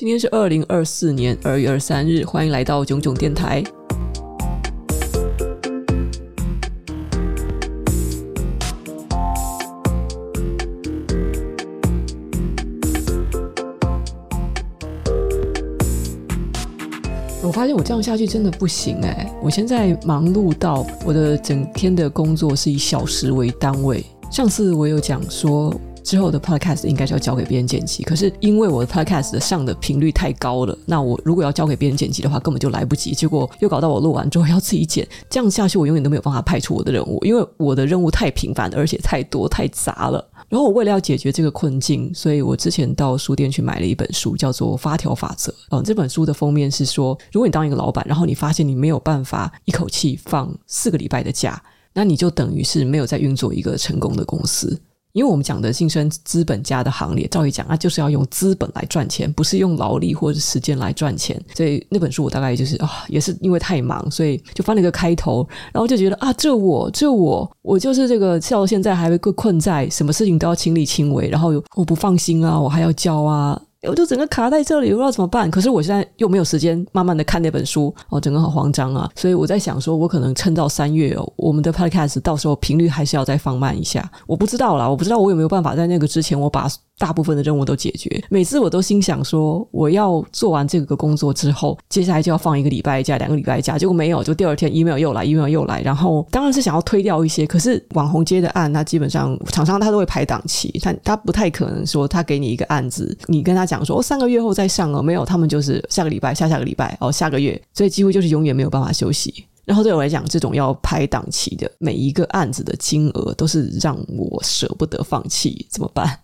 今天是二零二四年二月二十三日，歡迎來到冏冏電台。我發現我這樣下去真的不行哎！我現在忙碌到我的整天的工作是以小時為單位。上次我有講說。之後的 Podcast 應該是要交給別人剪輯，可是因為我的 Podcast 上的頻率太高了，那我如果要交給別人剪輯的話，根本就來不及。結果又搞到我錄完之後要自己剪，這樣下去我永遠都沒有辦法派出我的任務，因為我的任務太頻繁，而且太多太雜了。然後我為了要解決這個困境，所以我之前到書店去買了一本書，叫做《發條法則》。嗯，這本書的封面是說，如果你當一個老闆，然後你發現你沒有辦法一口氣放四個禮拜的假，那你就等於是沒有在運作一個成功的公司。因為我們講的晉升資本家的行列，照理講啊，就是要用資本來賺錢，不是用勞力或者時間來賺錢。所以那本書我大概就是啊，也是因為太忙，所以就翻了一個開頭，然後就覺得啊，這我這我我就是這個，到現在還被困在什麼事情都要親力親為，然後我、哦、不放心啊，我還要教啊。我就整個卡在這裡，我不知道怎麼辦。可是我現在又沒有時間慢慢的看那本書，哦，整個好慌張啊！所以我在想說我可能撐到三月哦，我們的 Podcast 到時候頻率還是要再放慢一下。我不知道啦，我不知道我有沒有辦法在那個之前我把。大部分的任務都解決，每次我都心想說，我要做完這個工作之後，接下來就要放一個禮拜假，兩個禮拜假，結果沒有，就第二天 email 又來，email 又來，然後當然是想要推掉一些，可是網紅接的案，他基本上廠商他都會排檔期，他他不太可能說他給你一個案子，你跟他講說，我、哦、三個月後再上哦，沒有，他們就是下個禮拜、下下個禮拜，哦，下個月，所以幾乎就是永遠沒有辦法休息。然後對我來講，這種要排檔期的每一個案子的金額，都是讓我捨不得放棄，怎麼辦？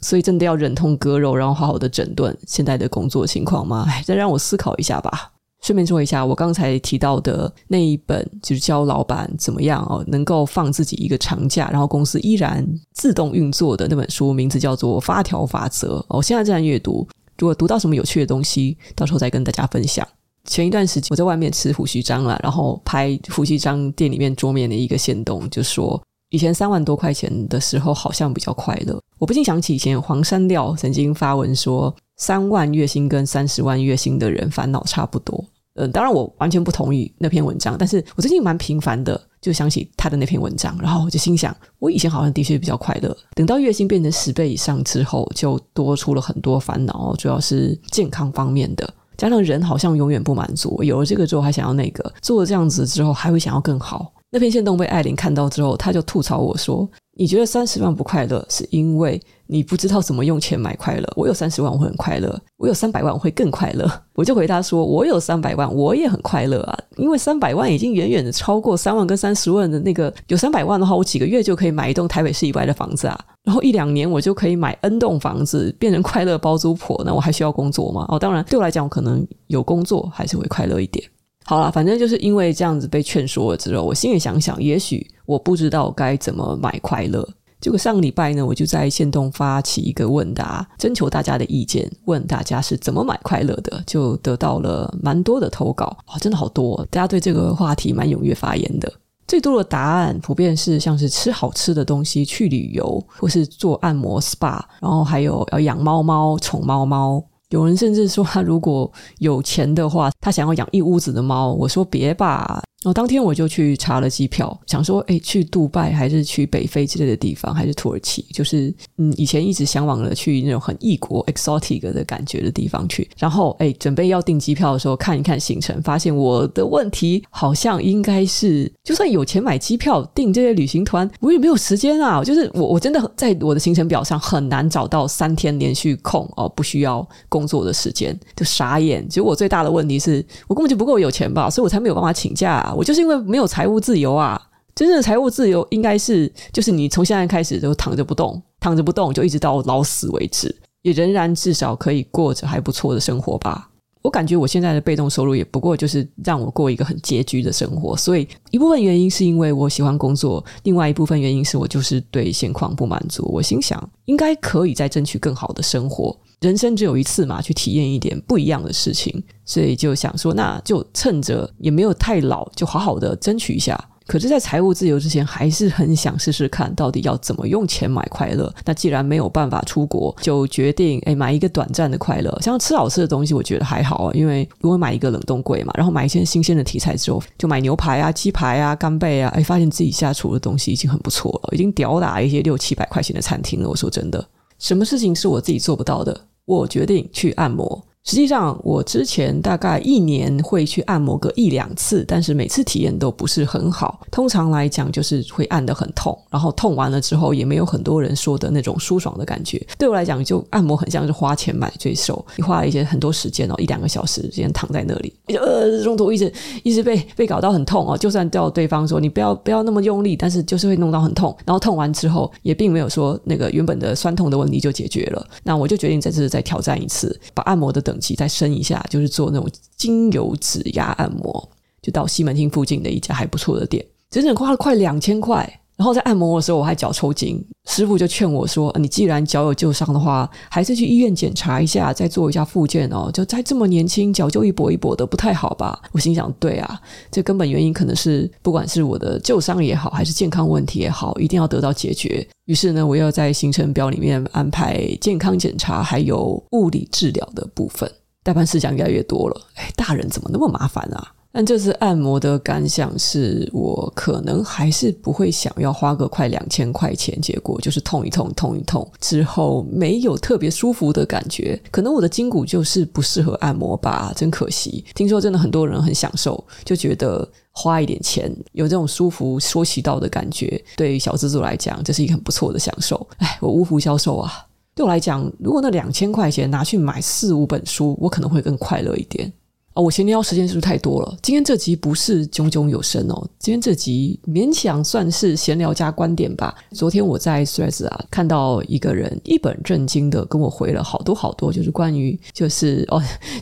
所以真的要忍痛割肉，然後好好的整頓現在的工作情況嗎？哎，再讓我思考一下吧。順便說一下，我剛才提到的那一本，就是教老板怎麼樣哦，能夠放自己一個長假，然後公司依然自動運作的那本書，名字叫做《發條法則》哦。我現在正在閱讀，如果讀到什麼有趣的東西，到時候再跟大家分享。前一段時間，我在外面吃鬍鬚張啦，然後拍鬍鬚張店裡面桌面的一個限動，就說以前三萬多塊錢的時候，好像比較快樂。我不禁想起以前黃山料曾經發文說，三萬月薪跟三十萬月薪的人煩惱差不多。嗯，當然我完全不同意那篇文章，但是我最近蠻頻繁的就想起他的那篇文章，然後我就心想，我以前好像的確比較快樂。等到月薪變成十倍以上之後，就多出了很多煩惱，主要是健康方面的。加上人好像永遠不滿足，有了這個之後還想要那個，做了這樣子之後還會想要更好。那篇限動被艾琳看到之後，她就吐槽我說：“你覺得三十萬不快樂，是因為你不知道怎麼用錢買快樂。我有三十萬，我會很快樂；我有三百萬，我會更快樂。”我就回答說：“我有三百萬，我也很快樂啊！因為三百萬已經遠遠的超過三萬跟三十萬的那個。有三百萬的話，我幾個月就可以買一棟台北市以外的房子啊，然後一兩年我就可以買 N 棟房子，變成快樂包租婆。那我還需要工作嗎？哦，當然，對我來講，我可能有工作還是會快樂一點。”好啦，反正就是因為這樣子被勸說了之後，我心裡想想，也許我不知道該怎麼買快樂。結果上個禮拜呢，我就在限動發起一個問答，徵求大家的意見，問大家是怎麼買快樂的，就得到了蠻多的投稿啊。哦，真的好多哦，大家對這個話題蠻踴躍發言的。最多的答案普遍是像是吃好吃的東西、去旅遊，或是做按摩 SPA，然後還有要養貓貓、寵貓貓。有人甚至說，他如果有錢的話，他想要養一屋子的貓。我說別吧。然、哦、後當天我就去查了機票，想說，哎，去杜拜還是去北非之類的地方，還是土耳其？就是，嗯，以前一直向往的去那種很異國、exotic 的感覺的地方去。然後，哎，準備要訂機票的時候，看一看行程，發現我的問題好像應該是，就算有錢買機票訂這些旅行團，我也沒有時間啊。就是我我真的在我的行程表上很難找到三天連續空哦，不需要工作的時間，就傻眼。結果我最大的問題是，我根本就不夠有錢吧，所以我才沒有辦法請假啊。我就是因為沒有財務自由啊！真正的財務自由應該是，就是你從現在開始就躺着不動，躺着不動，就一直到老死為止，也仍然至少可以過着還不錯的生活吧。我感覺我現在的被動收入也不過就是讓我過一個很拮據的生活，所以一部分原因是因為我喜歡工作，另外一部分原因是我就是對現況不滿足。我心想，應該可以再爭取更好的生活。人生只有一次嘛，去體驗一點不一樣的事情，所以就想說，那就趁着也沒有太老，就好好的爭取一下。可是，在財務自由之前，還是很想試試看到底要怎麼用錢買快樂。那既然沒有辦法出國，就決定哎買一個短暫的快樂，像吃好吃的東西，我覺得還好啊。因為如果買一個冷凍櫃嘛，然後買一些新鮮的食材之後，就買牛排啊、雞排啊、干貝啊，哎，發現自己下廚的東西已經很不錯了，已經吊打一些六七百塊錢的餐廳了。我說真的，什麼事情是我自己做不到的？我決定去按摩。實際上，我之前大概一年會去按摩個一兩次，但是每次體驗都不是很好。通常來講，就是會按得很痛，然後痛完了之後也沒有很多人說的那種舒爽的感覺。對我來講，就按摩很像是花錢買罪受，你花了一些很多時間哦，一兩個小時時間躺在那裡，呃，中途一直一直被被搞到很痛哦。就算叫對方說你不要不要那麼用力，但是就是會弄到很痛。然後痛完之後，也並沒有說那個原本的酸痛的問題就解決了。那我就決定這次再挑戰一次，把按摩的，等級再升一下，就是做那種精油指壓按摩，就到西門町附近的一家還不錯的店，整整花了快兩千塊。然後在按摩的時候，我還腳抽筋，師傅就勸我說：“你既然腳有舊傷的話，還是去醫院檢查一下，再做一下復健哦。就在這麼年輕，腳就一跛一跛的，不太好吧？”我心想：“對啊，這根本原因可能是不管是我的舊傷也好，還是健康問題也好，一定要得到解決。”於是呢，我又在行程表裡面安排健康檢查，還有物理治療的部分。代辦事項越來越多了，誒、哎、大人怎麼那麼麻煩啊？但這次按摩的感想是，我可能還是不會想要花個快兩千塊錢，結果就是痛一痛，痛一痛之後沒有特別舒服的感覺，可能我的筋骨就是不適合按摩吧，真可惜。聽說真的很多人很享受，就覺得花一點錢有這種舒服說起到的感覺，對小資族來講，這是一個很不錯的享受。哎，我無福消受啊！對我來講，如果那兩千塊錢拿去買四五本書，我可能會更快樂一點。啊、哦，我閒聊時間是不是太多了？今天這集不是炯炯有神哦，今天這集勉強算是閒聊加觀點吧。昨天我在 Threads 啊看到一個人一本正經的跟我回了好多好多，就是關於就是哦，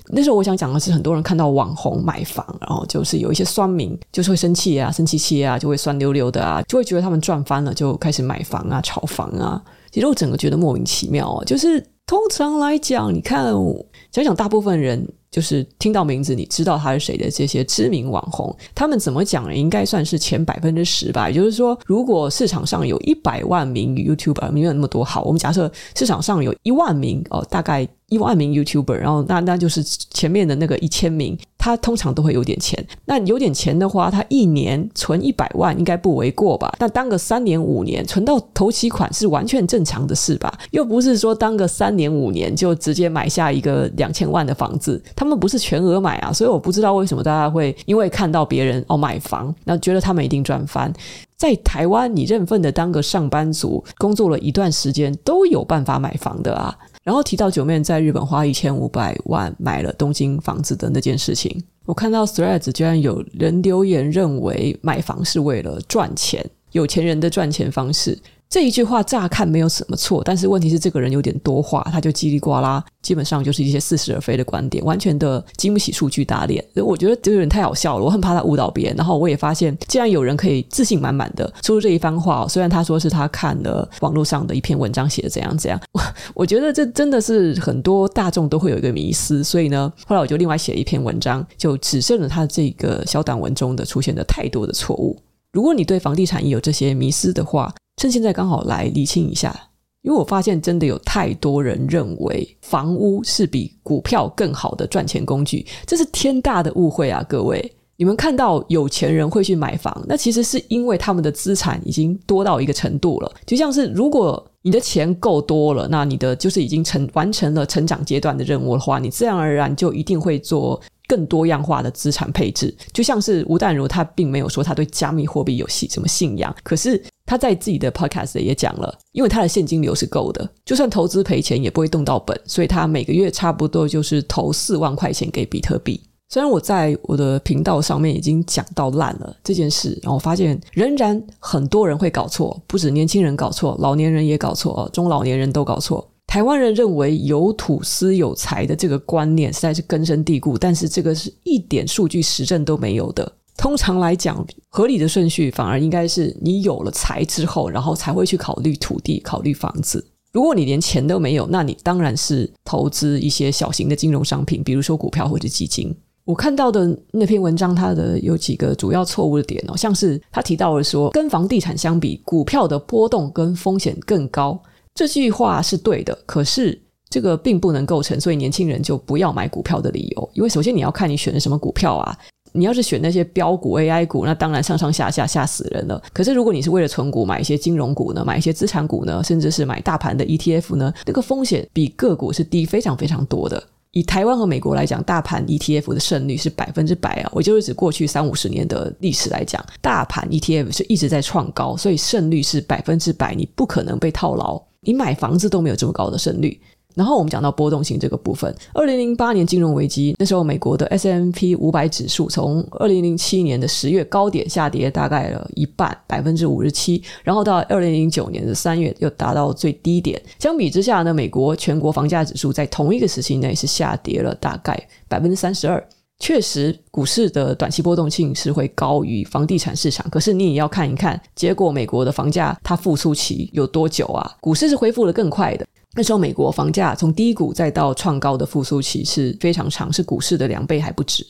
那時候我想講的是很多人看到網紅買房，然後就是有一些酸民就是會生氣啊，生氣氣啊，就會酸溜溜的啊，就會覺得他們賺翻了就開始買房啊，炒房啊。其實我整個覺得莫名其妙啊、哦，就是通常來講，你看想想大部分人。就是聽到名字你知道他是誰的這些知名網紅，他們怎麼講呢應該算是前百分之十吧。也就是說，如果市場上有一百萬名 YouTuber 沒有那麼多好，我們假設市場上有一萬名哦，大概一萬名 YouTuber，然後那那就是前面的那個一千名。他通常都會有點錢，那有點錢的話，他一年存一百萬應該不為過吧？但當個三年五年，存到頭期款是完全正常的事吧？又不是說當個三年五年就直接買下一個兩千萬的房子，他們不是全額買啊，所以我不知道為什麼大家會因為看到別人哦買房，那覺得他們一定賺翻。在台灣，你認份的當個上班族，工作了一段時間都有辦法買房的啊。然後提到九妹在日本花一千五百萬買了東京房子的那件事情，我看到 Threads 居然有人留言認為買房是為了賺錢，有錢人的賺錢方式。這一句話乍看沒有什麼錯，但是問題是這個人有點多話，他就嘰里呱啦基本上就是一些似是而非的觀點，完全的經不起數據打臉。所以我覺得就有點太好笑了，我很怕他誤導別人。然後我也發現，既然有人可以自信滿滿的說出這一番話，雖然他說是他看了網絡上的一篇文章寫的怎樣怎樣我，我覺得這真的是很多大眾都會有一個迷思。所以呢，後來我就另外寫了一篇文章，就指正了他這個小短文中的出現的太多的錯誤。如果你對房地產也有這些迷思的話，趁現在剛好來理清一下，因為我發現真的有太多人認為房屋是比股票更好的賺錢工具，這是天大的誤會啊！各位，你們看到有錢人會去買房，那其實是因為他們的資產已經多到一個程度了。就像是如果你的錢夠多了，那你的就是已經成完成了成長階段的任務的話，你自然而然就一定會做更多樣化的資產配置。就像是吳淡如，他並沒有說他對加密貨幣有信什麼信仰，可是。他在自己的 podcast 也講了，因為他的現金流是夠的，就算投資賠錢也不會動到本，所以他每個月差不多就是投四萬塊錢給比特幣。雖然我在我的頻道上面已經講到爛了這件事，然後我發現仍然很多人會搞錯，不止年輕人搞錯，老年人也搞錯，中老年人都搞錯。台灣人認為有土斯有財的這個觀念實在是根深蒂固，但是這個是一點數據實證都沒有的。通常來講，合理的順序反而應該是你有了財之後，然後才會去考慮土地、考慮房子。如果你連錢都沒有，那你當然是投資一些小型的金融商品，比如說股票或者基金。我看到的那篇文章，它的有幾個主要錯誤的點哦，像是他提到了說，跟房地產相比，股票的波動跟風險更高。這句話是對的，可是這個並不能構成所以年輕人就不要買股票的理由，因為首先你要看你選的什麼股票啊。你要是選那些飆股、AI 股，那當然上上下下嚇死人了。可是如果你是為了存股買一些金融股呢，買一些資產股呢，甚至是買大盤的 ETF 呢，那個風險比個股是低非常非常多的。以台灣和美國來講，大盤 ETF 的勝率是百分之百啊！我就是指過去三五十年的歷史來講，大盤 ETF 是一直在創高，所以勝率是百分之百，你不可能被套牢。你買房子都沒有這麼高的勝率。然後我們講到波動性這個部分。二零零八年金融危機那時候，美國的 S&P 五百指數從二零零七年的十月高點下跌大概了一半，百分之五十七。然後到二零零九年的三月又達到最低點。相比之下呢，美國全國房價指數在同一個時期內是下跌了大概百分之三十二。確實，股市的短期波動性是會高於房地產市場。可是你也要看一看，結果美國的房價它復甦期有多久啊？股市是恢復的更快的。那時候美國房價從低谷再到創高的復甦期是非常長，是股市的兩倍還不止。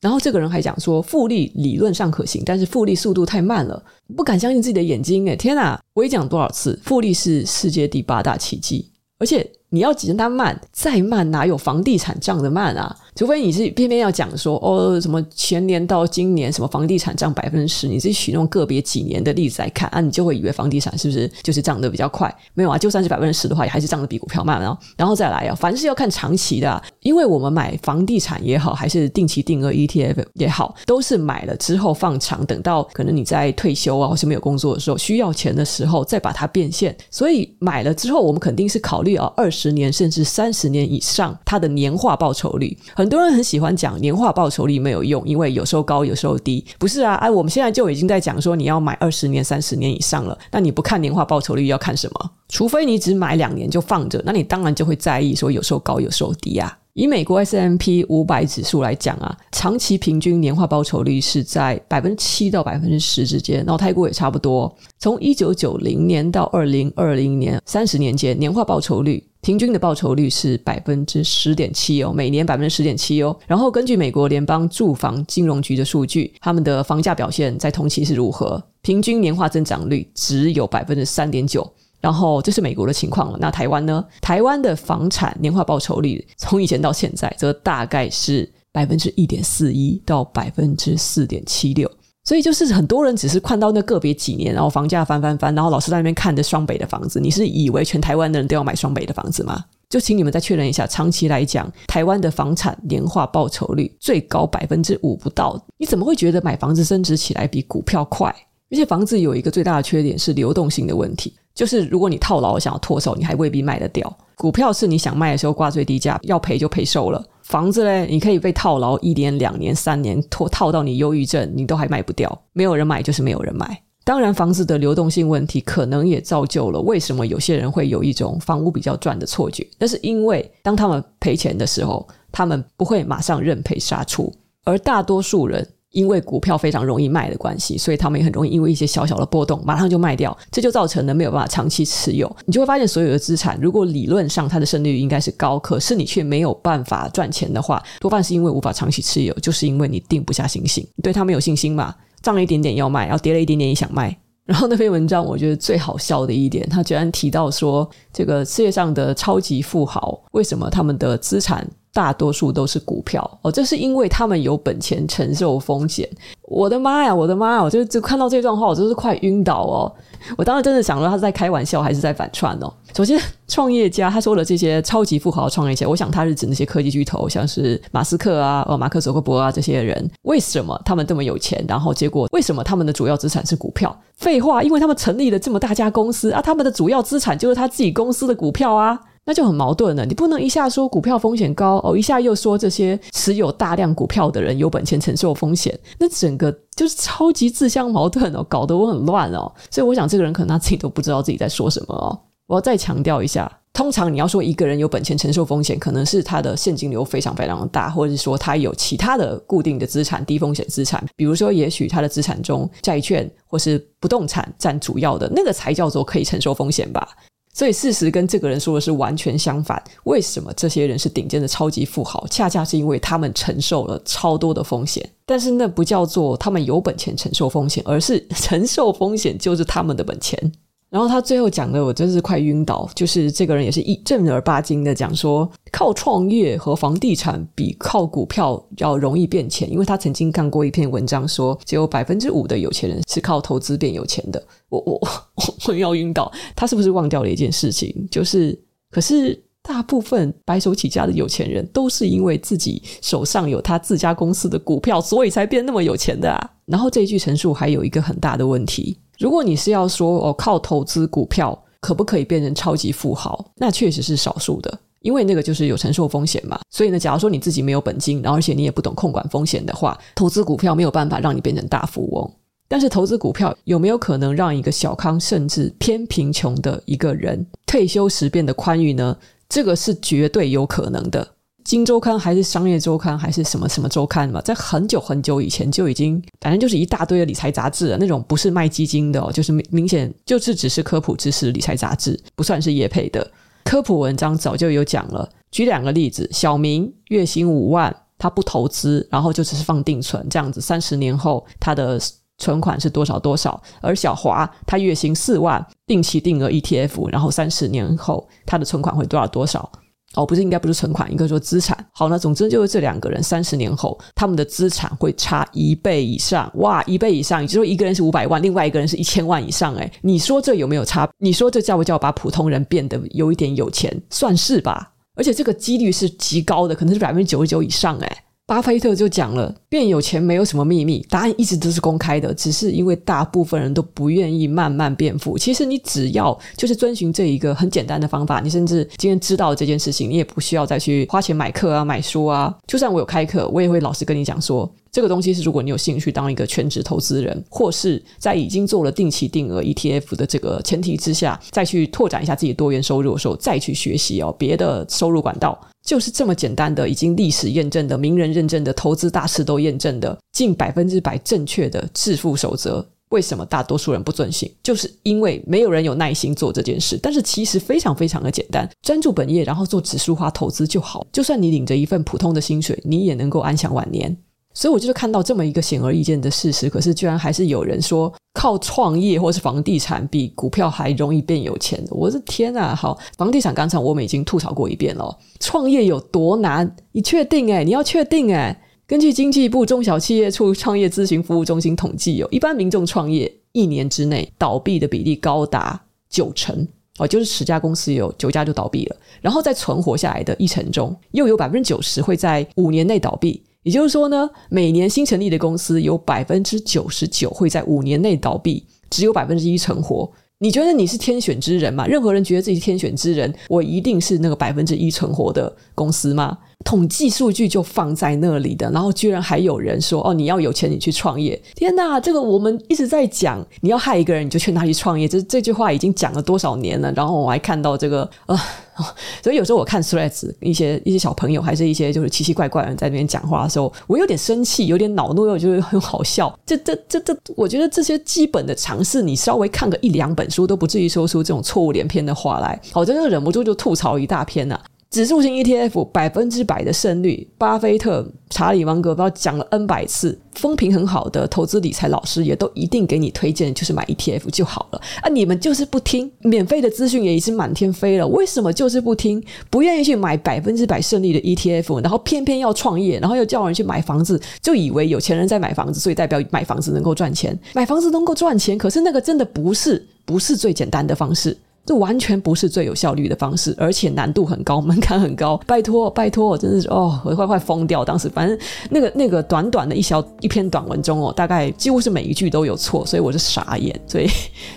然後這個人還講說，複利理論上可行，但是複利速度太慢了，不敢相信自己的眼睛。誒，天哪！我也講多少次，複利是世界第八大奇蹟，而且你要擠成它慢，再慢哪有房地產漲得慢啊？除非你是偏偏要講說哦什麼前年到今年什麼房地產漲百分之十，你自己取那種個別幾年的例子來看啊，你就會以為房地產是不是就是漲得比較快？沒有啊，就算是百分之十的話，也還是漲得比股票慢啊、哦。然後再來啊，凡是要看長期的、啊，因為我們買房地產也好，還是定期定額 ETF 也好，都是買了之後放長，等到可能你在退休啊或是沒有工作的時候需要錢的時候再把它變現。所以買了之後，我們肯定是考慮啊二十年甚至三十年以上它的年化報酬率。很多人很喜歡講年化報酬率沒有用，因為有時候高，有時候低。不是啊，哎、啊，我們現在就已經在講說你要買二十年、三十年以上了。那你不看年化報酬率，要看什麼？除非你只買兩年就放着，那你當然就會在意說有時候高，有時候低啊。以美國 S&P 五百指數來講啊，長期平均年化報酬率是在百分之七到百分之十之間。然後泰國也差不多，從一九九零年到二零二零年三十年間，年化報酬率。平均的報酬率是百分之十點七哦，每年百分之十點七哦。然後根據美國聯邦住房金融局的數據，他們的房價表現在同期是如何？平均年化增長率只有百分之三點九。然後這是美國的情況了，那台灣呢？台灣的房產年化報酬率從以前到現在則大概是百分之一點四一到百分之四點七六。所以就是很多人只是看到那個別幾年，然後房價翻翻翻，然後老是在那邊看着雙北的房子。你是以為全台灣的人都要買雙北的房子嗎？就請你們再確認一下，長期來講，台灣的房產年化報酬率最高百分之五不到。你怎麼會覺得買房子升值起來比股票快？而且房子有一個最大的缺點是流動性的問題。就是如果你套牢，想要脫手，你還未必賣得掉。股票是你想賣的時候掛最低價，要賠就賠售了。房子呢，你可以被套牢一年、兩年、三年，拖套到你憂鬱症，你都還賣不掉，沒有人買就是沒有人買。當然，房子的流動性問題可能也造就了為什麼有些人會有一種房屋比較賺的錯覺，但是因為當他們賠錢的時候，他們不會馬上認賠殺出，而大多數人。因為股票非常容易賣的關係，所以他們也很容易因為一些小小的波動，馬上就賣掉，這就造成了沒有辦法長期持有。你就會發現，所有的資產如果理論上它的勝率應該是高，可是你卻沒有辦法賺錢的話，多半是因為無法長期持有，就是因為你定不下信心，對他們有信心嘛？漲了一點點要賣，然後跌了一點點也想賣。然後那篇文章我覺得最好笑的一點，他居然提到說，這個世界上的超級富豪為什麼他們的資產？大多數都是股票哦，這是因為他們有本錢承受風險。我的媽呀，我的媽呀，我就就看到這段話，我真是快暈倒哦！我當時真的想說他是在開玩笑還是在反串哦？首先，創業家他說的這些超級富豪的創業家，我想他是指那些科技巨頭，像是馬斯克啊、呃、哦、馬克·祖克柏啊這些人。為什麼他們這麼有錢？然後結果為什麼他們的主要資產是股票？廢話，因為他們成立了這麼大家公司啊，他們的主要資產就是他自己公司的股票啊。那就很矛盾了，你不能一下說股票風險高哦，一下又說這些持有大量股票的人有本錢承受風險，那整個就是超級自相矛盾哦，搞得我很亂哦。所以我想，這個人可能他自己都不知道自己在說什麼哦。我要再強調一下，通常你要說一個人有本錢承受風險，可能是他的現金流非常非常的大，或者是說他有其他的固定的資產、低風險資產，比如說也許他的資產中債券或是不動產佔主要的，那個才叫做可以承受風險吧。所以事實跟這個人說的是完全相反。為什麼這些人是頂尖的超級富豪？恰恰是因為他們承受了超多的風險。但是那不叫做他們有本錢承受風險，而是承受風險就是他們的本錢。然後他最後講的，我真是快暈倒。就是這個人也是一正兒八經的講說，靠創業和房地產比靠股票要容易變錢，因為他曾經看過一篇文章說，只有百分之五的有錢人是靠投資變有錢的。我我我我，我要暈倒！他是不是忘掉了一件事情？就是，可是大部分白手起家的有錢人都是因為自己手上有他自家公司的股票，所以才變那麼有錢的啊。然後這一句陳述還有一個很大的問題。如果你是要說哦，靠投資股票可不可以變成超級富豪？那確實是少數的，因為那個就是有承受風險嘛。所以呢，假如說你自己沒有本金，然後而且你也不懂控管風險的話，投資股票沒有辦法讓你變成大富翁。但是投資股票有沒有可能讓一個小康甚至偏貧窮的一個人退休時變得寬裕呢？這個是絕對有可能的。《今周刊》還是《商業周刊》還是什麼什麼周刊嘛，在很久很久以前就已經，反正就是一大堆的理財雜志了。那種不是賣基金的、哦，就是明，明顯就是只是科普知識理財雜誌，不算是業配的科普文章。早就有講了，舉兩個例子：小明月薪五萬，他不投資，然後就只是放定存，這樣子三十年後他的存款是多少多少；而小華他月薪四萬，定期定額 ETF，然後三十年後他的存款會多少多少。哦，不是，應該不是存款，應該說資產。好呢，那總之就是這兩個人三十年後，他們的資產會差一倍以上。哇，一倍以上，也就是說，一個人是五百萬，另外一個人是一千萬以上。哎，你說這有沒有差？你說這叫不叫把普通人變得有一點有錢？算是吧。而且這個幾率是極高的，可能是百分之九十九以上。哎。巴菲特就講了，變有錢沒有什麼秘密，答案一直都是公開的，只是因為大部分人都不願意慢慢變富。其實你只要就是遵循這一個很簡單的方法，你甚至今天知道的這件事情，你也不需要再去花錢買課啊、買書啊。就算我有開課，我也會老實跟你講說，這個東西是如果你有興趣當一個全職投資人，或是在已經做了定期定額 ETF 的這個前提之下，再去拓展一下自己多元收入的時候，再去學習哦，別的收入管道。就是這麼簡單的，已經歷史驗證的、名人認證的投資大師都驗證的，近百分之百正確的致富守則。為什麼大多數人不遵循？就是因為沒有人有耐心做這件事。但是其實非常非常的簡單，專注本業，然後做指數化投資就好。就算你領着一份普通的薪水，你也能夠安享晚年。所以我就看到這麼一個顯而易見的事實，可是居然還是有人說靠創業或是房地產比股票還容易變有錢的，我的天啊！好，房地產剛才我們已經吐槽過一遍了，創業有多難？你確定誒？你要確定誒？根據經濟部中小企業處創業諮詢服務中心統計，有一般民眾創業一年之內倒閉的比例高達九成哦，就是十家公司有九家就倒閉了，然後在存活下來的一成中，又有百分之九十會在五年內倒閉。也就是說呢，每年新成立的公司有百分之九十九會在五年內倒閉，只有百分之一成活。你覺得你是天選之人嗎？任何人覺得自己是天選之人，我一定是那個百分之一成活的公司嗎？統計數據就放在那裡的，然後居然還有人說：“哦，你要有錢你去創業。”天哪，這個我們一直在講，你要害一個人你就勸他去創業，這這句話已經講了多少年了。然後我還看到這個啊、呃哦，所以有時候我看 Threads 一些一些小朋友，還是一些就是奇奇怪怪的人在那邊講話的時候，我有點生氣，有點惱怒，又覺得很好笑。這這這這，我覺得這些基本的常識你稍微看個一兩本書都不至於說出這種錯誤連篇的話來。好真的忍不住就吐槽一大篇了、啊。指數型 ETF 百分之百的勝率，巴菲特、查理·芒格不知道講了 N 百次，風評很好的投資理財老師也都一定給你推薦，就是買 ETF 就好了。啊，你們就是不聽，免費的資訊也已經滿天飛了，為什麼就是不聽？不願意去買百分之百勝利的 ETF，然後偏偏要創業，然後又叫人去買房子，就以為有錢人在買房子，所以代表買房子能夠賺錢，買房子能夠賺錢。可是那個真的不是，不是最簡單的方式。這完全不是最有效率的方式，而且難度很高，門檻很高。拜託，拜託，真的是哦，我快快瘋掉。當時反正那個那個短短的一小一篇短文中哦，大概幾乎是每一句都有錯，所以我就傻眼。所以，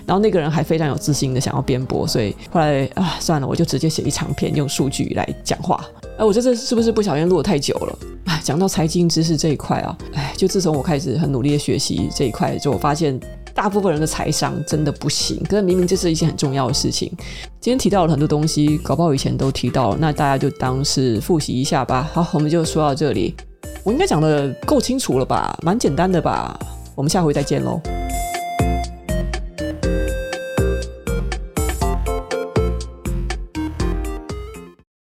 然後那個人還非常有自信的想要辯駁，所以後來啊，算了，我就直接寫一長篇，用數據來講話。哎、啊，我這次是不是不小心錄得太久了？哎、啊，講到財經知識這一塊啊，哎，就自從我開始很努力的學習這一塊，就我發現。大部分人的財商真的不行，可是明明這是一件很重要的事情。今天提到了很多東西，搞不好以前都提到了，那大家就當是復習一下吧。好，我們就說到這裡，我應該講得夠清楚了吧，蠻簡單的吧。我們下回再見嘍。